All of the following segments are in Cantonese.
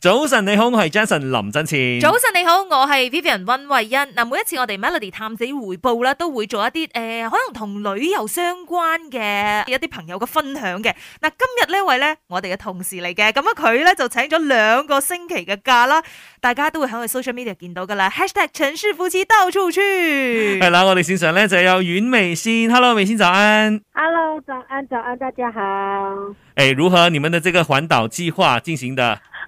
早晨，你好，我係 Jason 林振前。早晨，你好，我係 Vivian 溫慧欣。嗱，每一次我哋 Melody 探子回報啦，都會做一啲誒、呃，可能同旅遊相關嘅一啲朋友嘅分享嘅。嗱，今日呢位咧我哋嘅同事嚟嘅，咁啊佢咧就請咗兩個星期嘅假啦。大家都會喺我 social media 見到噶啦，#陳氏夫婦到處去。係啦，我哋線上咧就有雲鎂鑫 Hello 鎂鑫早安，Hello 早安早安，大家好。誒、欸，如何你們的這個環島計劃進行的？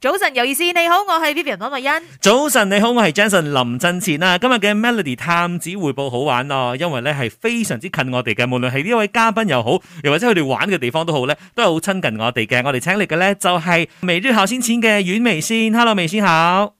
早晨有意思，你好，我係 Vivian 郭慧欣。早晨你好，我係 Jason 林振前啊。今日嘅 Melody 探子回報好玩哦，因為咧係非常之近我哋嘅，無論係呢位嘉賓又好，又或者佢哋玩嘅地方都好咧，都係好親近我哋嘅。我哋請嚟嘅咧就係未中校先前嘅雲鎂鑫，Hello，未先好。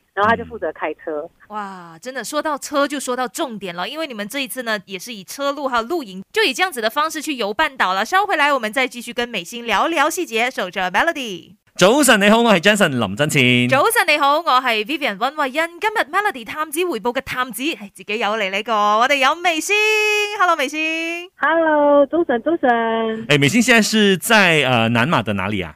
然後他就負責開車、嗯。哇，真的說到車就說到重點了，因為你們這一次呢也是以車路還有露營，就以這樣子的方式去遊半島了。稍後回來，我們再繼續跟鎂鑫聊聊細節。守着 Melody。早晨你好，我係 Jason 林真前。早晨你好，我係 Vivian 温慧欣。今日 Melody 探子回報嘅探子，哎，自己有嚟呢個，我哋有鎂鑫。Hello 鎂鑫。Hello，早晨早晨、欸。鎂鑫現在是在呃南馬的哪裡啊？